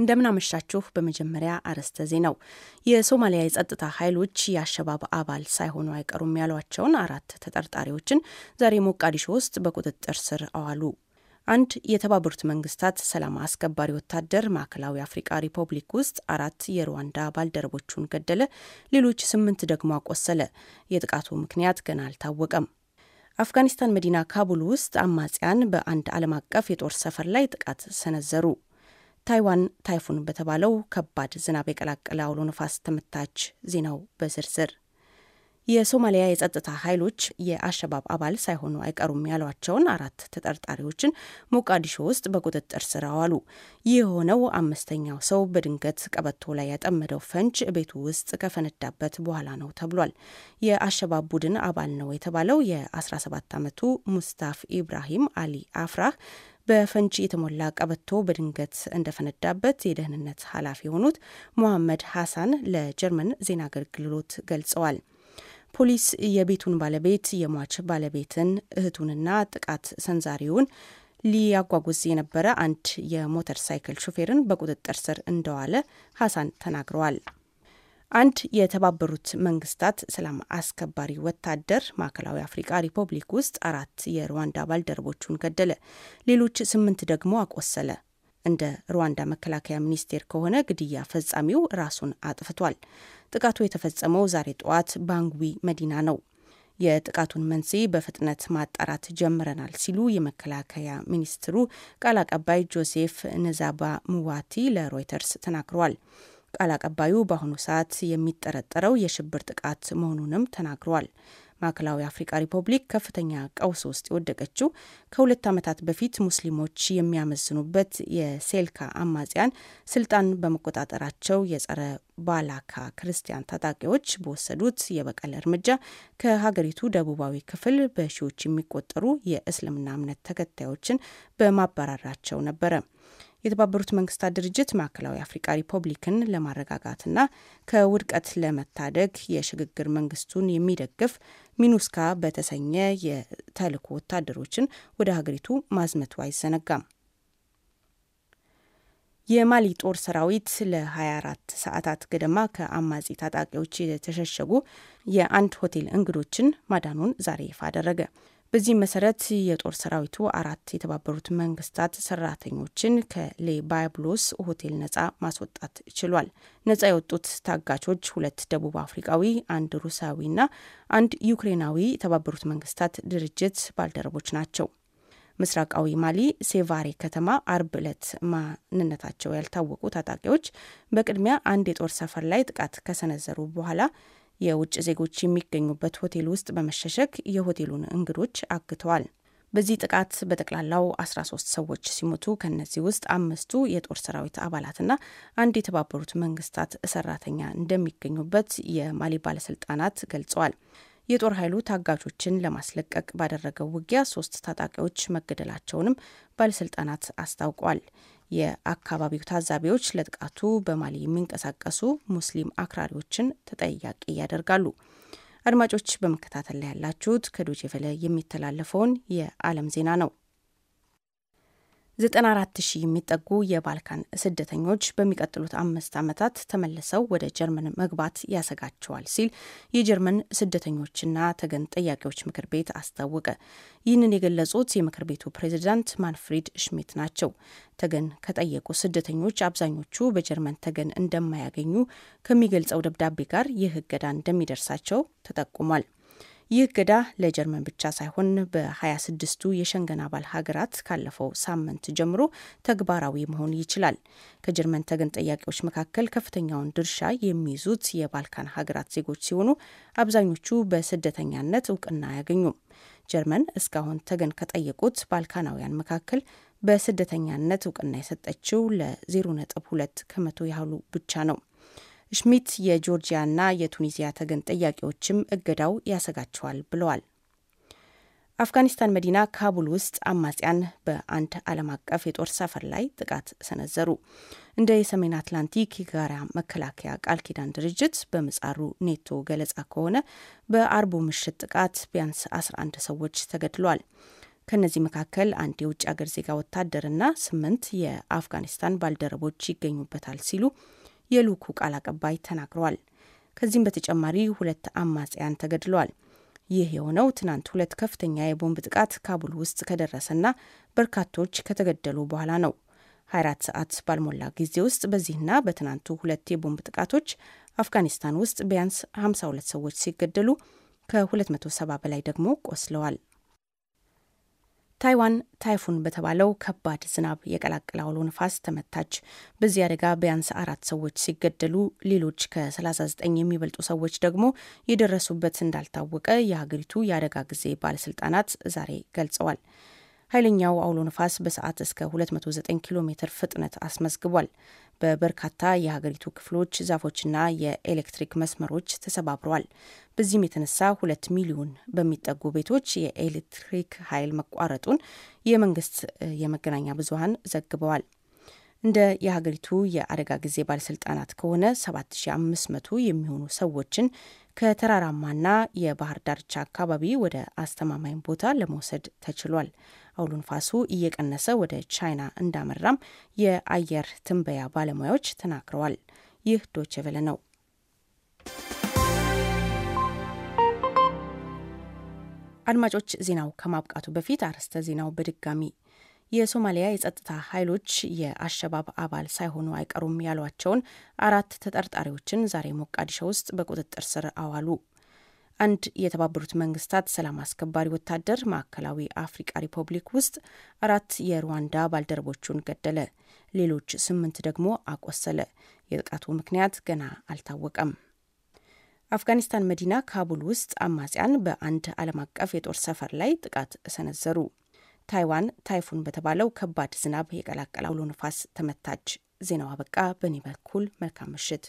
እንደምናመሻችሁ በመጀመሪያ አርዕስተ ዜናው የሶማሊያ የጸጥታ ኃይሎች የአሸባብ አባል ሳይሆኑ አይቀሩም ያሏቸውን አራት ተጠርጣሪዎችን ዛሬ ሞቃዲሾ ውስጥ በቁጥጥር ስር አዋሉ። አንድ የተባበሩት መንግስታት ሰላም አስከባሪ ወታደር ማዕከላዊ አፍሪቃ ሪፐብሊክ ውስጥ አራት የሩዋንዳ ባልደረቦቹን ገደለ፣ ሌሎች ስምንት ደግሞ አቆሰለ። የጥቃቱ ምክንያት ገና አልታወቀም። አፍጋኒስታን መዲና ካቡል ውስጥ አማጽያን በአንድ ዓለም አቀፍ የጦር ሰፈር ላይ ጥቃት ሰነዘሩ። ታይዋን ታይፉን በተባለው ከባድ ዝናብ የቀላቀለ አውሎ ነፋስ ተመታች። ዜናው በዝርዝር የሶማሊያ የጸጥታ ኃይሎች የአሸባብ አባል ሳይሆኑ አይቀሩም ያሏቸውን አራት ተጠርጣሪዎችን ሞቃዲሾ ውስጥ በቁጥጥር ስር አዋሉ። ይህ የሆነው አምስተኛው ሰው በድንገት ቀበቶ ላይ ያጠመደው ፈንጅ ቤቱ ውስጥ ከፈነዳበት በኋላ ነው ተብሏል። የአሸባብ ቡድን አባል ነው የተባለው የ17 ዓመቱ ሙስታፍ ኢብራሂም አሊ አፍራህ በፈንጅ የተሞላ ቀበቶ በድንገት እንደፈነዳበት የደህንነት ኃላፊ የሆኑት ሞሐመድ ሐሳን ለጀርመን ዜና አገልግሎት ገልጸዋል። ፖሊስ የቤቱን ባለቤት የሟች ባለቤትን እህቱንና ጥቃት ሰንዛሪውን ሊያጓጉዝ የነበረ አንድ የሞተር ሳይክል ሹፌርን በቁጥጥር ስር እንደዋለ ሀሳን ተናግረዋል። አንድ የተባበሩት መንግስታት ሰላም አስከባሪ ወታደር ማዕከላዊ አፍሪቃ ሪፐብሊክ ውስጥ አራት የሩዋንዳ ባልደረቦቹን ገደለ፣ ሌሎች ስምንት ደግሞ አቆሰለ። እንደ ሩዋንዳ መከላከያ ሚኒስቴር ከሆነ ግድያ ፈጻሚው ራሱን አጥፍቷል። ጥቃቱ የተፈጸመው ዛሬ ጠዋት ባንጉዊ መዲና ነው። የጥቃቱን መንስኤ በፍጥነት ማጣራት ጀምረናል ሲሉ የመከላከያ ሚኒስትሩ ቃል አቀባይ ጆሴፍ ነዛባ ሙዋቲ ለሮይተርስ ተናግረዋል። ቃል አቀባዩ በአሁኑ ሰዓት የሚጠረጠረው የሽብር ጥቃት መሆኑንም ተናግረዋል። ማዕከላዊ አፍሪቃ ሪፐብሊክ ከፍተኛ ቀውስ ውስጥ የወደቀችው ከሁለት ዓመታት በፊት ሙስሊሞች የሚያመዝኑበት የሴልካ አማጽያን ስልጣን በመቆጣጠራቸው የጸረ ባላካ ክርስቲያን ታጣቂዎች በወሰዱት የበቀል እርምጃ ከሀገሪቱ ደቡባዊ ክፍል በሺዎች የሚቆጠሩ የእስልምና እምነት ተከታዮችን በማባረራቸው ነበረ። የተባበሩት መንግስታት ድርጅት ማዕከላዊ አፍሪቃ ሪፐብሊክን ለማረጋጋትና ከውድቀት ለመታደግ የሽግግር መንግስቱን የሚደግፍ ሚኑስካ በተሰኘ የተልእኮ ወታደሮችን ወደ ሀገሪቱ ማዝመቱ አይዘነጋም። የማሊ ጦር ሰራዊት ለ24 ሰዓታት ገደማ ከአማጺ ታጣቂዎች የተሸሸጉ የአንድ ሆቴል እንግዶችን ማዳኑን ዛሬ ይፋ አደረገ። በዚህ መሰረት የጦር ሰራዊቱ አራት የተባበሩት መንግስታት ሰራተኞችን ከሌባብሎስ ሆቴል ነጻ ማስወጣት ችሏል። ነጻ የወጡት ታጋቾች ሁለት ደቡብ አፍሪካዊ፣ አንድ ሩሳዊና አንድ ዩክሬናዊ የተባበሩት መንግስታት ድርጅት ባልደረቦች ናቸው። ምስራቃዊ ማሊ ሴቫሬ ከተማ አርብ ዕለት ማንነታቸው ያልታወቁ ታጣቂዎች በቅድሚያ አንድ የጦር ሰፈር ላይ ጥቃት ከሰነዘሩ በኋላ የውጭ ዜጎች የሚገኙበት ሆቴል ውስጥ በመሸሸግ የሆቴሉን እንግዶች አግተዋል። በዚህ ጥቃት በጠቅላላው 13 ሰዎች ሲሞቱ ከእነዚህ ውስጥ አምስቱ የጦር ሰራዊት አባላትና አንድ የተባበሩት መንግስታት ሰራተኛ እንደሚገኙበት የማሊ ባለስልጣናት ገልጸዋል። የጦር ኃይሉ ታጋቾችን ለማስለቀቅ ባደረገው ውጊያ ሶስት ታጣቂዎች መገደላቸውንም ባለስልጣናት አስታውቋል። የአካባቢው ታዛቢዎች ለጥቃቱ በማሊ የሚንቀሳቀሱ ሙስሊም አክራሪዎችን ተጠያቂ ያደርጋሉ። አድማጮች በመከታተል ላይ ያላችሁት ከዶቼ ቬለ የሚተላለፈውን የዓለም ዜና ነው። 94 ሺህ የሚጠጉ የባልካን ስደተኞች በሚቀጥሉት አምስት ዓመታት ተመልሰው ወደ ጀርመን መግባት ያሰጋቸዋል ሲል የጀርመን ስደተኞችና ተገን ጠያቂዎች ምክር ቤት አስታወቀ። ይህንን የገለጹት የምክር ቤቱ ፕሬዚዳንት ማንፍሪድ ሽሚት ናቸው። ተገን ከጠየቁ ስደተኞች አብዛኞቹ በጀርመን ተገን እንደማያገኙ ከሚገልጸው ደብዳቤ ጋር ይህ እገዳ እንደሚደርሳቸው ተጠቁሟል። ይህ እገዳ ለጀርመን ብቻ ሳይሆን በ26ቱ የሸንገን አባል ሀገራት ካለፈው ሳምንት ጀምሮ ተግባራዊ መሆን ይችላል። ከጀርመን ተገን ጠያቂዎች መካከል ከፍተኛውን ድርሻ የሚይዙት የባልካን ሀገራት ዜጎች ሲሆኑ አብዛኞቹ በስደተኛነት እውቅና አያገኙም። ጀርመን እስካሁን ተገን ከጠየቁት ባልካናውያን መካከል በስደተኛነት እውቅና የሰጠችው ለ0.2 ከመቶ ያህሉ ብቻ ነው። ሽሚት የጆርጂያና የቱኒዚያ ተገን ጠያቂዎችም እገዳው ያሰጋቸዋል ብለዋል። አፍጋኒስታን መዲና ካቡል ውስጥ አማጽያን በአንድ ዓለም አቀፍ የጦር ሰፈር ላይ ጥቃት ሰነዘሩ። እንደ የሰሜን አትላንቲክ የጋራ መከላከያ ቃል ኪዳን ድርጅት በምጻሩ ኔቶ ገለጻ ከሆነ በአርቡ ምሽት ጥቃት ቢያንስ 11 ሰዎች ተገድለዋል። ከእነዚህ መካከል አንድ የውጭ አገር ዜጋ ወታደርና ስምንት የአፍጋኒስታን ባልደረቦች ይገኙበታል ሲሉ የልኡኩ ቃል አቀባይ ተናግረዋል። ከዚህም በተጨማሪ ሁለት አማጽያን ተገድለዋል። ይህ የሆነው ትናንት ሁለት ከፍተኛ የቦምብ ጥቃት ካቡል ውስጥ ከደረሰና በርካቶች ከተገደሉ በኋላ ነው። 24 ሰዓት ባልሞላ ጊዜ ውስጥ በዚህና በትናንቱ ሁለት የቦምብ ጥቃቶች አፍጋኒስታን ውስጥ ቢያንስ 52 ሰዎች ሲገደሉ ከ270 በላይ ደግሞ ቆስለዋል። ታይዋን ታይፉን በተባለው ከባድ ዝናብ የቀላቀለ አውሎ ነፋስ ተመታች። በዚህ አደጋ ቢያንስ አራት ሰዎች ሲገደሉ ሌሎች ከ39 የሚበልጡ ሰዎች ደግሞ የደረሱበት እንዳልታወቀ የሀገሪቱ የአደጋ ጊዜ ባለስልጣናት ዛሬ ገልጸዋል። ኃይለኛው አውሎ ነፋስ በሰዓት እስከ 209 ኪሎ ሜትር ፍጥነት አስመዝግቧል። በበርካታ የሀገሪቱ ክፍሎች ዛፎችና የኤሌክትሪክ መስመሮች ተሰባብረዋል። በዚህም የተነሳ ሁለት ሚሊዮን በሚጠጉ ቤቶች የኤሌክትሪክ ኃይል መቋረጡን የመንግስት የመገናኛ ብዙሀን ዘግበዋል። እንደ የሀገሪቱ የአደጋ ጊዜ ባለስልጣናት ከሆነ 7500 የሚሆኑ ሰዎችን ከተራራማና የባህር ዳርቻ አካባቢ ወደ አስተማማኝ ቦታ ለመውሰድ ተችሏል። አውሎ ንፋሱ እየቀነሰ ወደ ቻይና እንዳመራም የአየር ትንበያ ባለሙያዎች ተናግረዋል። ይህ ዶቼ ቬለ ነው። አድማጮች ዜናው ከማብቃቱ በፊት አርዕስተ ዜናው በድጋሚ የሶማሊያ የጸጥታ ኃይሎች የአሸባብ አባል ሳይሆኑ አይቀሩም ያሏቸውን አራት ተጠርጣሪዎችን ዛሬ ሞቃዲሾ ውስጥ በቁጥጥር ስር አዋሉ። አንድ የተባበሩት መንግስታት ሰላም አስከባሪ ወታደር ማዕከላዊ አፍሪካ ሪፐብሊክ ውስጥ አራት የሩዋንዳ ባልደረቦቹን ገደለ፣ ሌሎች ስምንት ደግሞ አቆሰለ። የጥቃቱ ምክንያት ገና አልታወቀም። አፍጋኒስታን መዲና ካቡል ውስጥ አማጽያን በአንድ ዓለም አቀፍ የጦር ሰፈር ላይ ጥቃት ሰነዘሩ። ታይዋን ታይፉን በተባለው ከባድ ዝናብ የቀላቀለ አውሎ ተመታች። ዜናው አበቃ። በእኔ በኩል መልካም ምሽት።